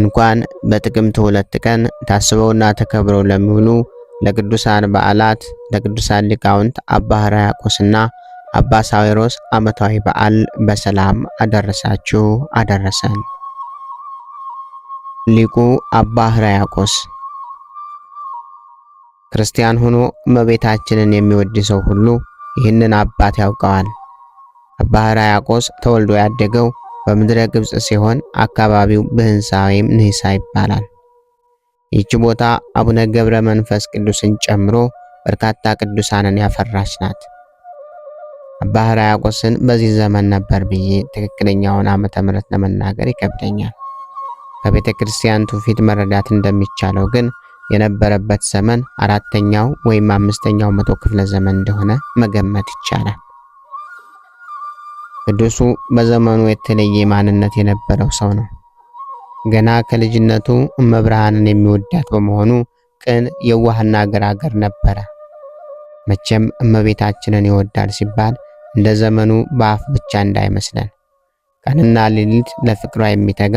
እንኳን በጥቅምት ሁለት ቀን ታስበውና ተከብረው ለሚውሉ ለቅዱሳን በዓላት ለቅዱሳን ሊቃውንት አባ ሕርያቆስና አባ ሳዊሮስ ዓመታዊ በዓል በሰላም አደረሳችሁ አደረሰን። ሊቁ አባ ሕርያቆስ ክርስቲያን ሆኖ እመቤታችንን የሚወድ ሰው ሁሉ ይህንን አባት ያውቀዋል። አባ ሕርያቆስ ተወልዶ ያደገው በምድረ ግብጽ ሲሆን አካባቢው ብህንሳ ወይም ንህሳ ይባላል። ይህች ቦታ አቡነ ገብረ መንፈስ ቅዱስን ጨምሮ በርካታ ቅዱሳንን ያፈራች ናት። አባ ሕርያቆስን በዚህ ዘመን ነበር ብዬ ትክክለኛውን ዓመተ ምሕረት ለመናገር ይከብደኛል። ከቤተ ክርስቲያን ትውፊት መረዳት እንደሚቻለው ግን የነበረበት ዘመን አራተኛው ወይም አምስተኛው መቶ ክፍለ ዘመን እንደሆነ መገመት ይቻላል። ቅዱሱ በዘመኑ የተለየ ማንነት የነበረው ሰው ነው። ገና ከልጅነቱ እመብርሃንን የሚወዳት በመሆኑ ቅን፣ የዋህና ገራገር ነበረ። መቼም እመቤታችንን ይወዳል ሲባል እንደ ዘመኑ በአፍ ብቻ እንዳይመስለን፣ ቀንና ሌሊት ለፍቅሯ የሚተጋ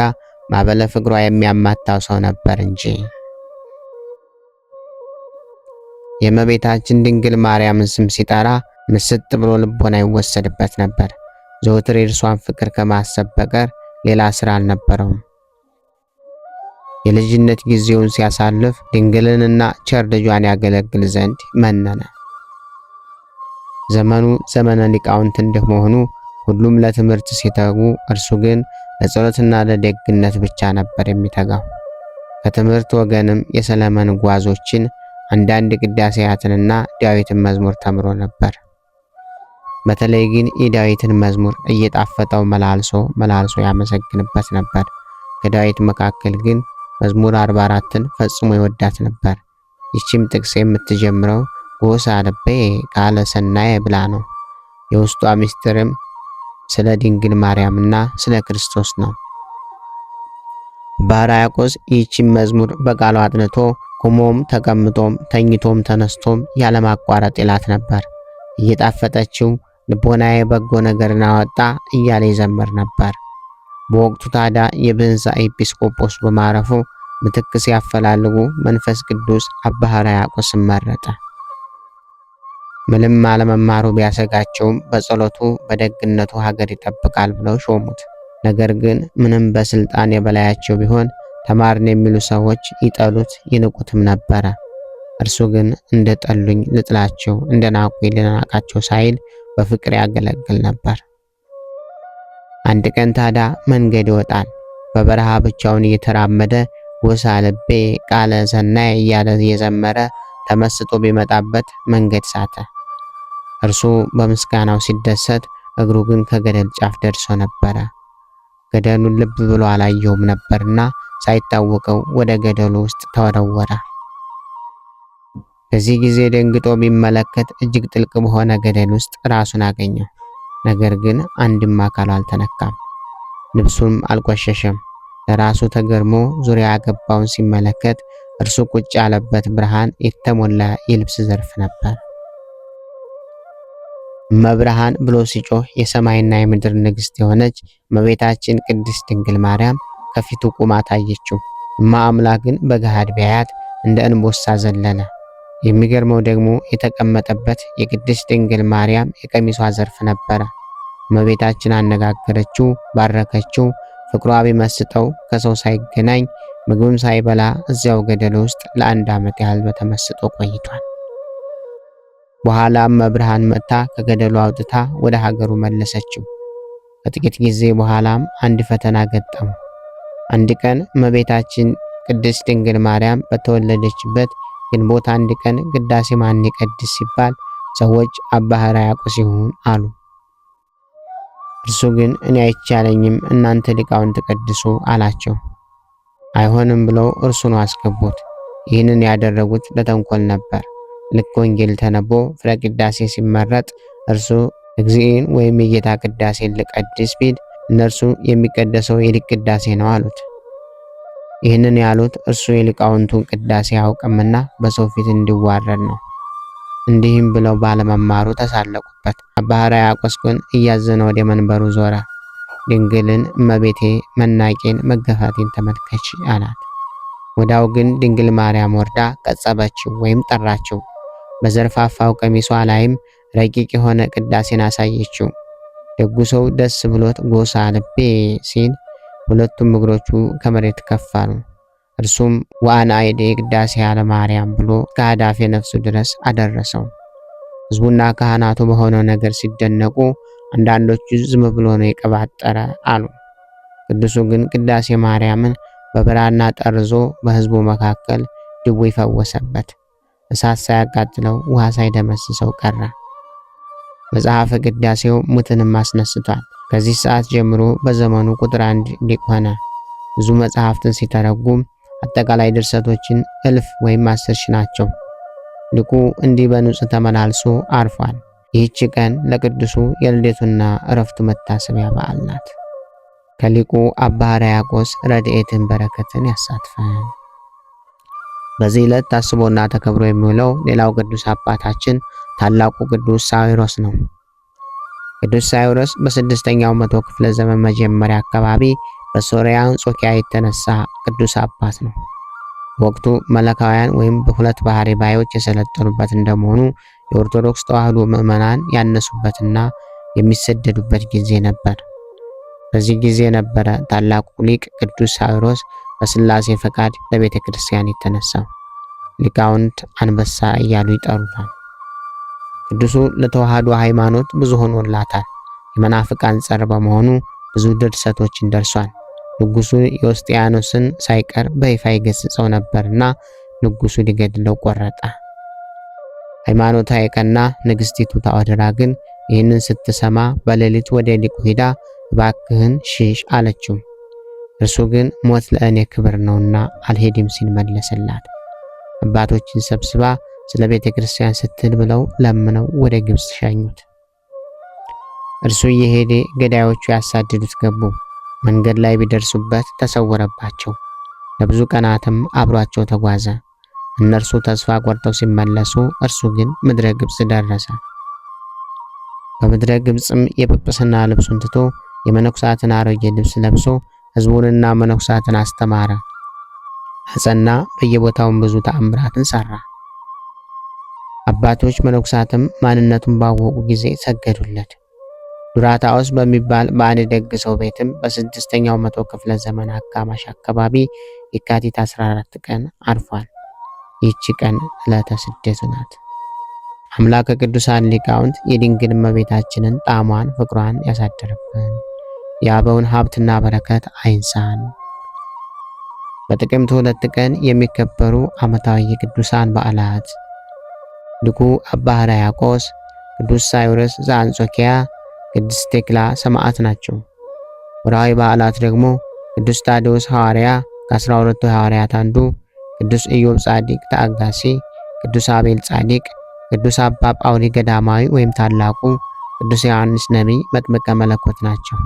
ማበለ ፍቅሯ የሚያማታው ሰው ነበር እንጂ። የእመቤታችን ድንግል ማርያምን ስም ሲጠራ ምስጥ ብሎ ልቦና ይወሰድበት ነበር። ዘወትር የእርሷን ፍቅር ከማሰብ በቀር ሌላ ስራ አልነበረውም። የልጅነት ጊዜውን ሲያሳልፍ ድንግልንና ቸር ልጇን ያገለግል ዘንድ መነነ። ዘመኑ ዘመነ ሊቃውንት እንደመሆኑ ሁሉም ለትምህርት ሲተጉ፣ እርሱ ግን ለጸሎትና ለደግነት ብቻ ነበር የሚተጋው። ከትምህርት ወገንም የሰለመን ጓዞችን አንዳንድ ቅዳሴያትንና ዳዊትን መዝሙር ተምሮ ነበር። በተለይ ግን የዳዊትን መዝሙር እየጣፈጠው መላልሶ መላልሶ ያመሰግንበት ነበር። ከዳዊት መካከል ግን መዝሙር 44ን ፈጽሞ ይወዳት ነበር። ይቺም ጥቅስ የምትጀምረው ጎሳ ልቤ ቃለ ሰናየ ብላ ነው። የውስጧ ምስጢርም ስለ ድንግል ማርያምና ስለ ክርስቶስ ነው። ባርያቆስ ይህችን መዝሙር በቃሉ አጥንቶ ቆሞም ተቀምጦም ተኝቶም ተነስቶም ያለማቋረጥ ይላት ነበር። እየጣፈጠችው ልቦናዬ በጎ ነገርን አወጣ እያለ ይዘምር ነበር። በወቅቱ ታዲያ የብንዛ ኤጲስቆጶስ በማረፉ ምትክ ሲያፈላልጉ መንፈስ ቅዱስ አባ ሕርያቆስን መረጠ። ምንም አለመማሩ ቢያሰጋቸውም በጸሎቱ በደግነቱ ሀገር ይጠብቃል ብለው ሾሙት። ነገር ግን ምንም በስልጣን የበላያቸው ቢሆን ተማርን የሚሉ ሰዎች ይጠሉት ይንቁትም ነበረ። እርሱ ግን እንደ ጠሉኝ ልጥላቸው እንደ ናቁኝ ልናቃቸው ሳይል በፍቅር ያገለግል ነበር። አንድ ቀን ታዳ መንገድ ይወጣል። በበረሃ ብቻውን እየተራመደ ውሳ ልቤ ቃለ ሰናይ እያለ እየዘመረ ተመስጦ ቢመጣበት መንገድ ሳተ። እርሱ በምስጋናው ሲደሰት፣ እግሩ ግን ከገደል ጫፍ ደርሶ ነበረ። ገደሉን ልብ ብሎ አላየውም ነበርና ሳይታወቀው ወደ ገደሉ ውስጥ ተወረወረ። በዚህ ጊዜ ደንግጦ ቢመለከት እጅግ ጥልቅ በሆነ ገደል ውስጥ ራሱን አገኘው። ነገር ግን አንድም አካሉ አልተነካም፣ ልብሱም አልቆሸሸም። ለራሱ ተገርሞ ዙሪያ ያገባውን ሲመለከት እርሱ ቁጭ ያለበት ብርሃን የተሞላ የልብስ ዘርፍ ነበር። መብርሃን ብሎ ሲጮህ የሰማይና የምድር ንግሥት የሆነች እመቤታችን ቅድስት ድንግል ማርያም ከፊቱ ቁማ ታየችው። እማ አምላክን በገሃድ ቢያያት እንደ እንቦሳ ዘለለ። የሚገርመው ደግሞ የተቀመጠበት የቅድስት ድንግል ማርያም የቀሚሷ ዘርፍ ነበረ። እመቤታችን አነጋገረችው፣ ባረከችው። ፍቅሯ ቢመስጠው ከሰው ሳይገናኝ ምግብም ሳይበላ እዚያው ገደል ውስጥ ለአንድ ዓመት ያህል በተመስጦ ቆይቷል። በኋላም መብርሃን መጥታ ከገደሉ አውጥታ ወደ ሀገሩ መለሰችው። ከጥቂት ጊዜ በኋላም አንድ ፈተና ገጠመው። አንድ ቀን እመቤታችን ቅድስት ድንግል ማርያም በተወለደችበት ግንቦት አንድ ቀን ቅዳሴ ማን ይቀድስ ሲባል ሰዎች አባ ሕርያቆስ ይሁን አሉ። እርሱ ግን እኔ አይቻለኝም እናንተ ሊቃውንት ቀድሱ አላቸው። አይሆንም ብለው እርሱን አስገቡት። ይህንን ያደረጉት ለተንኮል ነበር። ልክ ወንጌል ተነቦ ፍረ ቅዳሴ ሲመረጥ እርሱ እግዚእን ወይም የጌታ ቅዳሴን ልቀድስ ቢል እነርሱ የሚቀደሰው የሊቅ ቅዳሴ ነው አሉት። ይህንን ያሉት እርሱ የሊቃውንቱን ቅዳሴ አያውቅምና በሰው ፊት እንዲዋረድ ነው። እንዲህም ብለው ባለመማሩ ተሳለቁበት። አባ ሕርያቆስ ግን እያዘነ ወደ መንበሩ ዞረ። ድንግልን እመቤቴ መናቄን መገፋቴን ተመልከች አላት። ወዳው ግን ድንግል ማርያም ወርዳ ቀጸበችው ወይም ጠራችው። በዘርፋፋው ቀሚሷ ላይም ረቂቅ የሆነ ቅዳሴን አሳየችው። ደጉ ሰው ደስ ብሎት ጎሳ ልቤ ሲል ሁለቱም እግሮቹ ከመሬት ከፍ አሉ። እርሱም ዋን አይዴ ቅዳሴ ማርያም ብሎ ከአዳፍ ነፍሱ ድረስ አደረሰው። ሕዝቡና ካህናቱ በሆነው ነገር ሲደነቁ፣ አንዳንዶቹ ዝም ብሎ ነው የቀባጠረ አሉ። ቅዱሱ ግን ቅዳሴ ማርያምን በብራና ጠርዞ በሕዝቡ መካከል ድቡ ይፈወሰበት፣ እሳት ሳያቃጥለው ውሃ ሳይደመስሰው ቀረ። መጽሐፈ ቅዳሴው ሙትንም አስነስቷል። ከዚህ ሰዓት ጀምሮ በዘመኑ ቁጥር አንድ ሊቅ ሆነ። ብዙ መጽሐፍትን ሲተረጉም አጠቃላይ ድርሰቶችን እልፍ ወይም አስር ናቸው። ሊቁ እንዲህ በንጹሕ ተመላልሶ አርፏል። ይህች ቀን ለቅዱሱ የልደቱና እረፍቱ መታሰቢያ በዓል ናት። ከሊቁ አባ ሕርያቆስ ረድኤትን በረከትን ያሳትፈን። በዚህ ዕለት ታስቦና ተከብሮ የሚውለው ሌላው ቅዱስ አባታችን ታላቁ ቅዱስ ሳዊሮስ ነው። ቅዱስ ሳይሮስ በስድስተኛው መቶ ክፍለ ዘመን መጀመሪያ አካባቢ በሶሪያ አንጾኪያ የተነሳ ቅዱስ አባት ነው። ወቅቱ መለካውያን ወይም በሁለት ባህሪ ባዮች የሰለጠኑበት እንደመሆኑ የኦርቶዶክስ ተዋህዶ ምዕመናን ያነሱበትና የሚሰደዱበት ጊዜ ነበር። በዚህ ጊዜ ነበረ ታላቁ ሊቅ ቅዱስ ሳይሮስ በስላሴ ፈቃድ ለቤተ ክርስቲያን የተነሳው። ሊቃውንት አንበሳ እያሉ ይጠሩታል። ቅዱሱ ለተዋህዶ ሃይማኖት ብዙ ሆኖላታል። የመናፍቃን ጸር በመሆኑ ብዙ ድርሰቶችን ደርሷል። ንጉሱ ዮስጢያኖስን ሳይቀር በይፋ ይገስጸው ነበርና ንጉሱ ሊገድለው ቆረጠ። ሃይማኖታ የቀና ንግስቲቱ ታወድራ ግን ይህንን ስትሰማ በሌሊት ወደ ሊቁ ሂዳ እባክህን ሽሽ አለችው። እርሱ ግን ሞት ለእኔ ክብር ነውና አልሄድም ሲል መለሰላት። አባቶችን ሰብስባ ስለ ቤተ ክርስቲያን ስትል ብለው ለምነው ወደ ግብፅ ሸኙት። እርሱ እየሄደ ገዳዮቹ ያሳድዱት ገቡ። መንገድ ላይ ቢደርሱበት ተሰወረባቸው። ለብዙ ቀናትም አብሯቸው ተጓዘ። እነርሱ ተስፋ ቆርጠው ሲመለሱ፣ እርሱ ግን ምድረ ግብፅ ደረሰ። በምድረ ግብፅም የጵጵስና ልብሱን ትቶ የመነኩሳትን አሮጌ ልብስ ለብሶ ሕዝቡንና መነኩሳትን አስተማረ፣ አጸና። በየቦታውም ብዙ ተአምራትን ሠራ። አባቶች መነኩሳትም ማንነቱን ባወቁ ጊዜ ሰገዱለት። ዱራታውስ በሚባል በአንድ ደግ ሰው ቤትም በስድስተኛው መቶ ክፍለ ዘመን አጋማሽ አካባቢ የካቲት 14 ቀን አርፏል። ይህች ቀን ዕለተ ስደት ናት። አምላከ ቅዱሳን ሊቃውንት የድንግል እመቤታችንን ጣዕሟን፣ ፍቅሯን ያሳደርብን፣ የአበውን ሀብትና በረከት አይንሳን። በጥቅምት ሁለት ቀን የሚከበሩ ዓመታዊ የቅዱሳን በዓላት ልኩ አባ ሕርያቆስ፣ ቅዱስ ሳይሮስ ዘአንጾኪያ፣ ቅድስት ቴክላ ሰማዕት ናቸው። ወርሃዊ በዓላት ደግሞ ቅዱስ ታዴዎስ ሐዋርያ ከአስራ ሁለቱ ሐዋርያት አንዱ፣ ቅዱስ ኢዮብ ጻዲቅ ተአጋሲ፣ ቅዱስ አቤል ጻዲቅ፣ ቅዱስ አባ ጳውሊ ገዳማዊ ወይም ታላቁ፣ ቅዱስ ዮሐንስ ነቢይ መጥምቀ መለኮት ናቸው።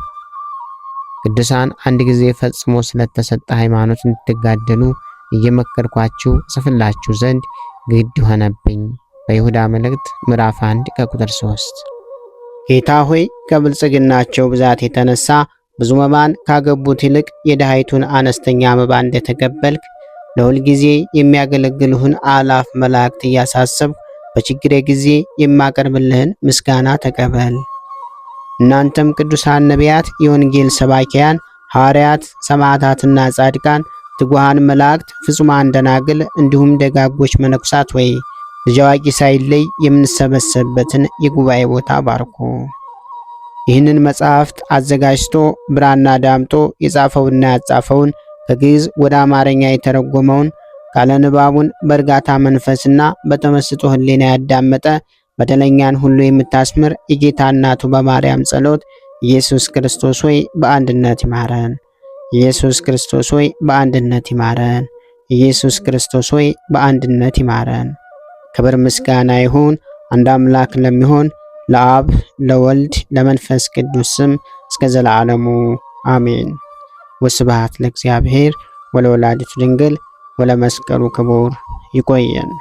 ቅዱሳን አንድ ጊዜ ፈጽሞ ስለተሰጠ ሃይማኖት እንድትጋደሉ እየመከርኳችሁ ጽፍላችሁ ዘንድ ግድ ሆነብኝ። በይሁዳ መልእክት ምዕራፍ 1 ከቁጥር 3። ጌታ ሆይ ከብልጽግናቸው ብዛት የተነሳ ብዙ መባን ካገቡት ይልቅ የድሃይቱን አነስተኛ መባ እንደተቀበልክ ለሁል ጊዜ የሚያገለግልሁን አላፍ መላእክት እያሳሰብ በችግሬ ጊዜ የማቀርብልህን ምስጋና ተቀበል። እናንተም ቅዱሳን ነቢያት፣ የወንጌል ሰባኪያን ሐዋርያት፣ ሰማዕታትና ጻድቃን፣ ትጉሃን መላእክት፣ ፍጹማን ደናግል እንዲሁም ደጋጎች መነኩሳት ወይ ልጅ አዋቂ ሳይለይ የምንሰበሰብበትን የጉባኤ ቦታ ባርኩ። ይህንን መጽሐፍት አዘጋጅቶ ብራና ዳምጦ የጻፈውና ያጻፈውን ከግዕዝ ወደ አማርኛ የተረጎመውን ቃለ ንባቡን በእርጋታ መንፈስና በተመስጦ ሕሊና ያዳመጠ በደለኛን ሁሉ የምታስምር የጌታ እናቱ በማርያም ጸሎት ኢየሱስ ክርስቶስ ሆይ በአንድነት ይማረን። ኢየሱስ ክርስቶስ ሆይ በአንድነት ይማረን። ኢየሱስ ክርስቶስ ሆይ በአንድነት ይማረን። ክብር ምስጋና ይሁን አንድ አምላክ ለሚሆን ለአብ ለወልድ ለመንፈስ ቅዱስ ስም እስከ ዘለዓለሙ አሜን። ወስብሐት ለእግዚአብሔር ወለወላዲቱ ድንግል ወለመስቀሉ ክቡር። ይቆየን።